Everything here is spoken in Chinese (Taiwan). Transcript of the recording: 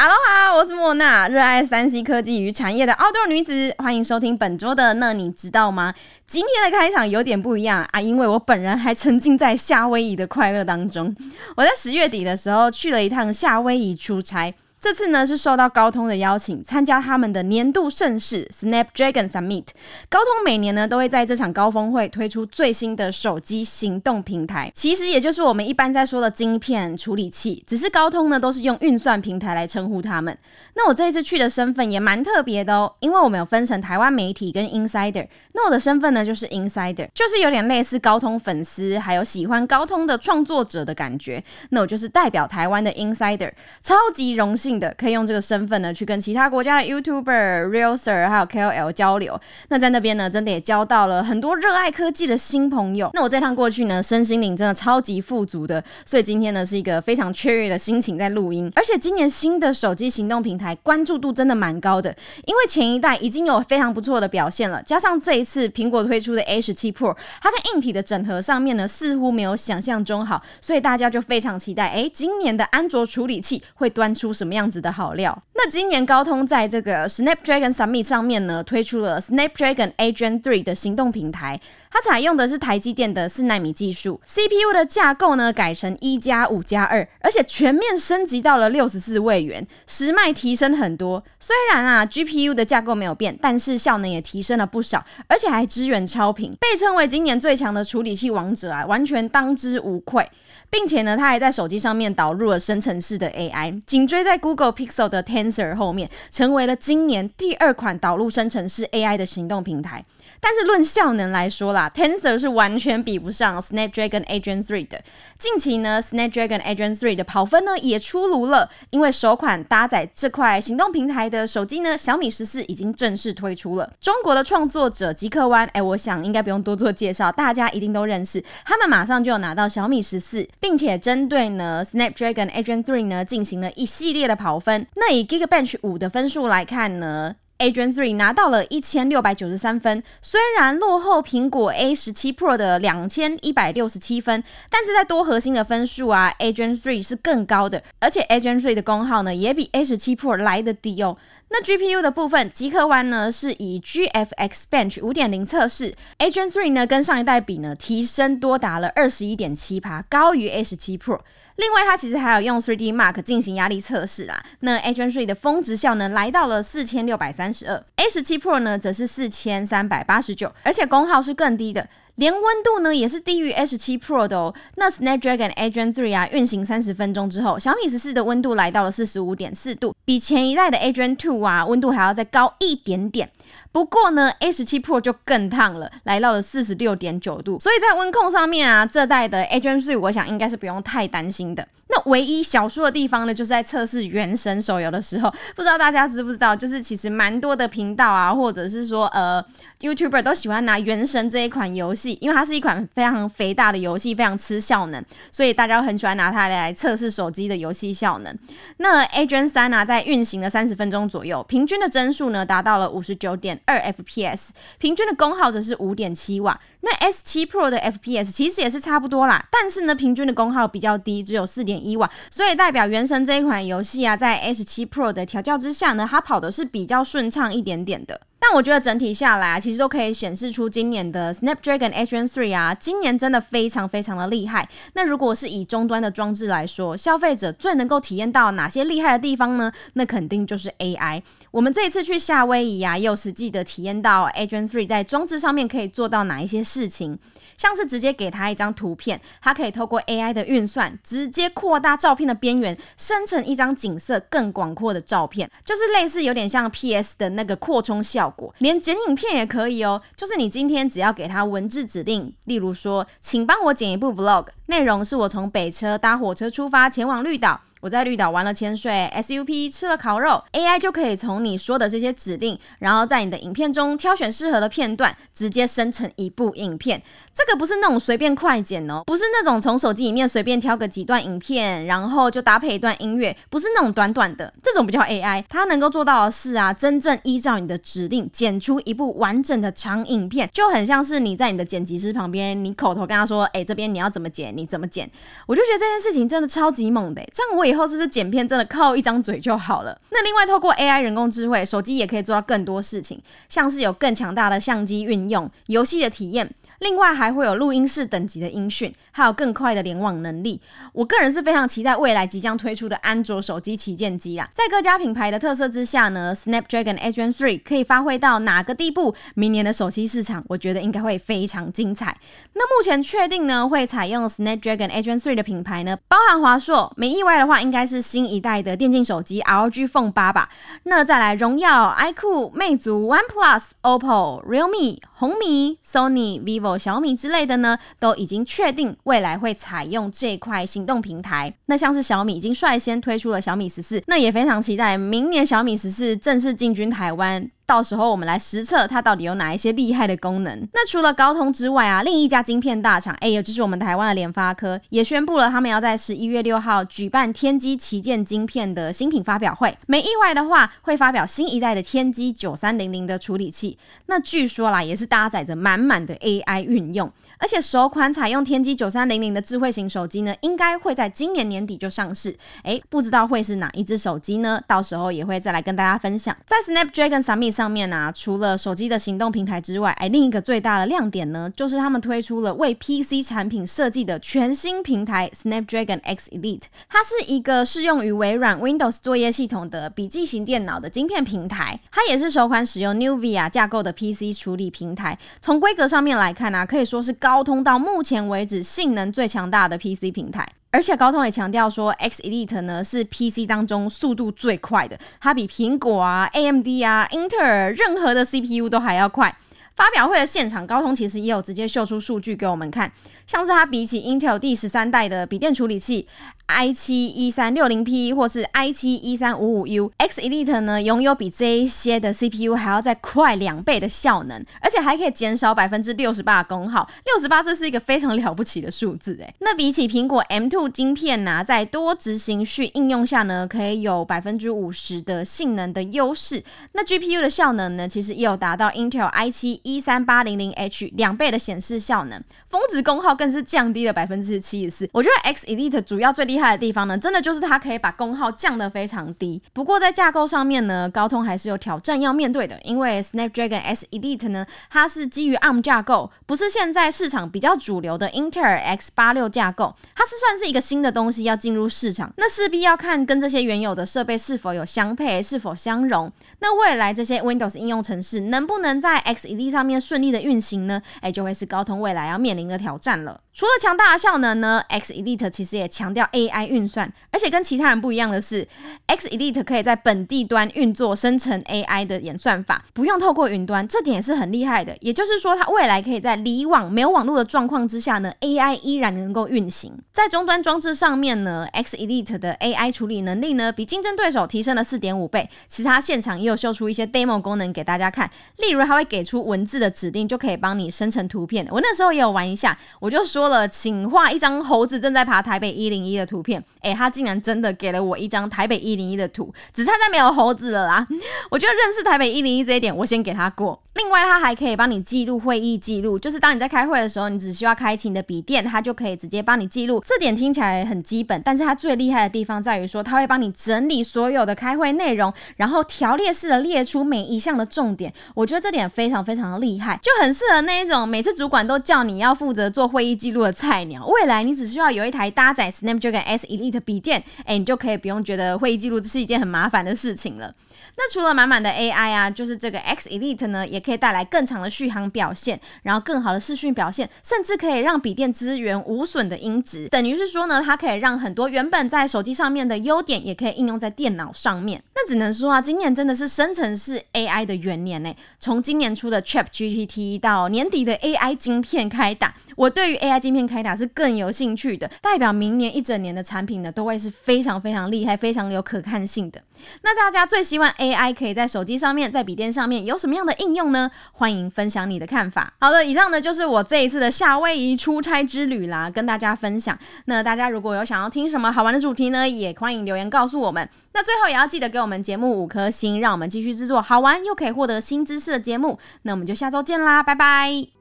哈嘍，Aloha，我是莫娜，熱愛三 C 科技與產業的澳洲女子，歡迎收聽本週的那你知道嗎？今天的開場有點不一樣啊，因為我本人還沉浸在夏威夷的快樂當中。我在十月底的時候去了一趟夏威夷出差。這次呢是受到高通的邀請，參加他們的年度盛事 Snapdragon Summit。高通每年呢都會在這場高峰會推出最新的手機行動平台，其實也就是我們一般在說的晶片處理器，只是高通呢都是用運算平台來稱呼他們。那我這一次去的身份也蠻特別的哦，因為我們有分成台灣媒體跟 Insider，那我的身份呢就是 Insider，就是有點類似高通粉絲，還有喜歡高通的創作者的感覺。那我就是代表台灣的 Insider，超級榮幸。的可以用這個身份呢，去跟其他國家的 YouTuber、Real Sir 還有 KOL 交流。那在那邊呢，真的也交到了很多熱愛科技的新朋友。那我這趟過去呢，身心靈真的超級富足的，所以今天呢是一個非常雀躍的心情在錄音。而且今年新的手機行動平台關注度真的蠻高的，因為前一代已經有非常不錯的表現了，加上這一次蘋果推出的 A17 Pro，它在硬體的整合上面呢似乎沒有想象中好，所以大家就非常期待，哎、欸，今年的安卓處理器會端出什麼樣？這樣子的好料。那今年高通在這個 Snapdragon 三上面呢，推出了 Snapdragon A Gen 3的行動平台，它採用的是台積電的四納米技術，CPU 的架構呢改成，一加五加二，而且全面升級到了六十四位元，時脈提升很多。雖然啊，GPU 的架構沒有變，但是效能也提升了不少，而且還支援超頻，被稱為今年最強的處理器王者啊，完全當之無愧。並且呢，它還在手機上面導入了生成式的 AI，緊追在 Google Pixel 的 Tensor 後面，成為了今年第二款導入生成式 AI 的行動平台。但是論效能來說啦，Tensor 是完全比不上 Snapdragon 8 Gen 3的。近期呢，Snapdragon 8 Gen 3的跑分呢也出爐了，因為首款搭載這塊行動平台的手機呢，小米十四已經正式推出了。中國的創作者極客灣，誒、欸，我想應該不用多做介紹，大家一定都認識。他們馬上就有拿到小米十四。並且針對呢，Snapdragon 8 Gen 3呢進行了一系列的跑分。那以 Geekbench 五的分數來看呢，8 Gen 3拿到了一千六百九十三分，雖然落後蘋果 A 十七 Pro 的兩千一百六十七分，但是在多核心的分數啊，8 Gen 3是更高的，而且8 Gen 3的功耗呢也比 A 十七 Pro 來得低哦。那 GPU 的部分，極客灣呢是以 GFX Bench 五點零測試8 Gen 3呢跟上一代比呢提升多達了二十一點七趴高於 A 十七 Pro。另外，它其實還有用 3D Mark 進行壓力測試啦。那8 Gen 3的峰值效能來到了四千六百三十二，A 十七 Pro 呢則是四千三百八十九，而且功耗是更低的。連溫度呢也是低於 A17 Pro 的哦。那 Snapdragon 8 Gen 3啊，運行三十分鐘之後，小米十四的溫度來到了四十五點四度，比前一代的8 Gen 2啊溫度還要再高一點點。不過呢，A17 Pro 就更燙了，來到了四十六點九度。所以在溫控上面啊，這代的8 Gen 3我想應該是不用太擔心的。唯一小輸的地方呢，就是在測試原神手遊的時候，不知道大家知不知道，就是其實蠻多的頻道啊，或者是說呃，YouTuber 都喜歡拿原神這一款遊戲，因為它是一款非常肥大的遊戲，非常吃效能，所以大家都很喜歡拿它來測試手機的遊戲效能。那8 Gen 3呢，在運行了三十分鐘左右，平均的幀數呢達到了五十九點二 FPS，平均的功耗則是五點七瓦。那 S7 Pro 的 FPS 其實也是差不多啦，但是呢，平均的功耗比較低，只有四點一瓦，所以代表原神這一款遊戲啊，在 S7 Pro 的調教之下呢，它跑的是比較順暢一點點的。但我覺得整體下來啊，其實都可以顯示出今年的 Snapdragon Hone 啊，今年真的非常非常的厲害。那如果是以終端的裝置來說，消費者最能夠體驗到哪些厲害的地方呢？那肯定就是 AI。我們這一次去夏威夷啊，又實際的體驗到 g e n e 三在裝置上面可以做到哪一些事情，像是直接給他一張圖片，它可以透過 AI 的運算，直接擴大照片的邊緣，生成一張景色更廣闊的照片，就是類似有點像 PS 的那個擴充效果。連剪影片也可以哦，就是你今天只要給他文字指令，例如說，請幫我剪一部 Vlog，內容是我從北車搭火車出發前往綠島。我在綠島玩了潛水，SUP 吃了烤肉，AI 就可以從你說的這些指令，然後在你的影片中挑選適合的片段，直接生成一部影片。這個不是那種隨便快剪哦，不是那種從手機裡面隨便挑個幾段影片，然後就搭配一段音樂，不是那種短短的。這種比較 AI，它能夠做到的是啊，真正依照你的指令剪出一部完整的長影片，就很像是你在你的剪輯師旁邊，你口頭跟他說，哎、欸，這邊你要怎麼剪，你怎麼剪。我就覺得這件事情真的超級猛的，這樣我也。以後是不是剪片真的靠一張嘴就好了？那另外，透過 AI 人工智慧，手機也可以做到更多事情，像是有更強大的相機運用，遊戲的體驗。另外還會有錄音室等級的音訊，還有更快的聯網能力。我個人是非常期待未來即將推出的安卓手機旗艦機啊，在各家品牌的特色之下呢，Snapdragon 8 Gen 3可以發揮到哪個地步？明年的手機市場，我覺得應該會非常精彩。那目前確定呢會採用 Snapdragon 8 Gen 3的品牌呢，包含華碩，沒意外的話應該是新一代的電競手機 ROG Phone 八吧。那再來榮耀、iQOO 魅族、OnePlus、OPPO、Realme、紅米、Sony、Vivo。小米之類的呢，都已經確定未來會採用這塊行動平台。那像是小米已經率先推出了小米十四，那也非常期待明年小米十四正式進軍台灣。到時候我們來實測它到底有哪一些厲害的功能。那除了高通之外啊，另一家晶片大廠，哎、欸、呦，也就是我們台灣的聯發科，也宣布了他們要在十一月六號舉辦天璣旗艦晶片的新品發表會。沒意外的話，會發表新一代的天璣九三零零的處理器。那據說啦，也是搭載着滿滿的 AI 運用，而且首款採用天璣九三零零的智慧型手機呢，應該會在今年年底就上市。哎、欸，不知道會是哪一隻手機呢？到時候也會再來跟大家分享。在 Snapdragon Summit。上面啊，除了手機的行動平台之外，誒、哎，另一個最大的亮點呢，就是他們推出了為 PC 產品設計的全新平台 Snapdragon X Elite。它是一個適用於微軟 Windows 作業系統的筆記型電腦的晶片平台，它也是首款使用 Nuvia 架構的 PC 處理平台。從規格上面來看啊，可以說是高通到目前為止性能最強大的 PC 平台。而且高通也強調說，X Elite 呢是 PC 當中速度最快的，它比蘋果啊、AMD 啊、英特爾任何的 CPU 都還要快。發表會的現場，高通其實也有直接秀出數據給我們看，像是它比起 Intel 第十三代的筆電處理器。i7 一三六零 P 或是 i7 一三五五 U X Elite 呢，擁有比這些的 CPU 還要再快兩倍的效能，而且還可以減少百分之六十八的功耗。六十八這是一個非常了不起的數字誒。那比起蘋果 M2 晶片呢、啊，在多執行緒應用下呢，可以有百分之五十的性能的優勢。那 GPU 的效能呢，其實也有達到 Intel i7 一三八零零 H 兩倍的顯示效能，峰值功耗更是降低了百分之七十四。我覺得 X Elite 主要最厲害。厲害的地方呢，真的就是它可以把功耗降得非常低。不過在架構上面呢，高通還是有挑戰要面對的，因為 Snapdragon X Elite 呢，它是基於 ARM 架構，不是現在市場比較主流的 Intel X 八六架構，它是算是一個新的東西要進入市場，那勢必要看跟這些原有的設備是否有相配，是否相容。那未來這些 Windows 應用程式能不能在 X Elite 上面順利的運行呢？誒、欸，就會是高通未來要面臨的挑戰了。除了強大的效能呢，X Elite 其實也強調 AI 運算，而且跟其他人不一樣的是，X Elite 可以在本地端運作生成 AI 的演算法，不用透過雲端，這點也是很厲害的。也就是說，它未來可以在離網沒有網絡的狀況之下呢，AI 依然能夠運行。在終端裝置上面呢，X Elite 的 AI 處理能力呢，比競爭對手提升了四點五倍。其他現場也有秀出一些 demo 功能給大家看，例如它會給出文字的指令，就可以幫你生成圖片。我那時候也有玩一下，我就說了。了，請畫一張猴子正在爬台北一零一的圖片。哎、欸，他竟然真的給了我一張台北一零一的圖，只差在沒有猴子了啦。我覺得認識台北一零一這一點，我先給他過。另外，他還可以幫你記錄會議記錄，就是當你在開會的時候，你只需要開啟你的筆電，他就可以直接幫你記錄。這點聽起來很基本，但是他最厲害的地方在於說，他會幫你整理所有的開會內容，然後條列式的列出每一項的重點。我覺得這點非常非常的厲害，就很適合那一種每次主管都叫你要負責做會議記。錄的菜鳥，未來你只需要有一台搭載 Snapdragon X Elite 筆電，哎、欸，你就可以不用覺得會議記錄這是一件很麻煩的事情了。那除了滿滿的 AI 啊，就是這個 X Elite 呢，也可以帶來更長的續航表現，然後更好的視訊表現，甚至可以讓筆電支援無損的音質。等於是說呢，它可以讓很多原本在手機上面的優點，也可以應用在電腦上面。那只能說啊，今年真的是生成式 AI 的元年呢、欸，從今年初的 ChatGPT 到年底的 AI 晶片開打，我對於 AI。晶片開打是更有興趣的，代表明年一整年的產品呢，都會是非常非常厲害、非常有可看性的。那大家最希望 AI 可以在手機上面、在筆電上面有什麼樣的應用呢？歡迎分享你的看法。好的，以上呢就是我這一次的夏威夷出差之旅啦，跟大家分享。那大家如果有想要聽什麼好玩的主題呢，也歡迎留言告訴我們。那最後也要記得給我們節目五顆星，讓我們繼續製作好玩又可以獲得新知識的節目。那我們就下周見啦，拜拜。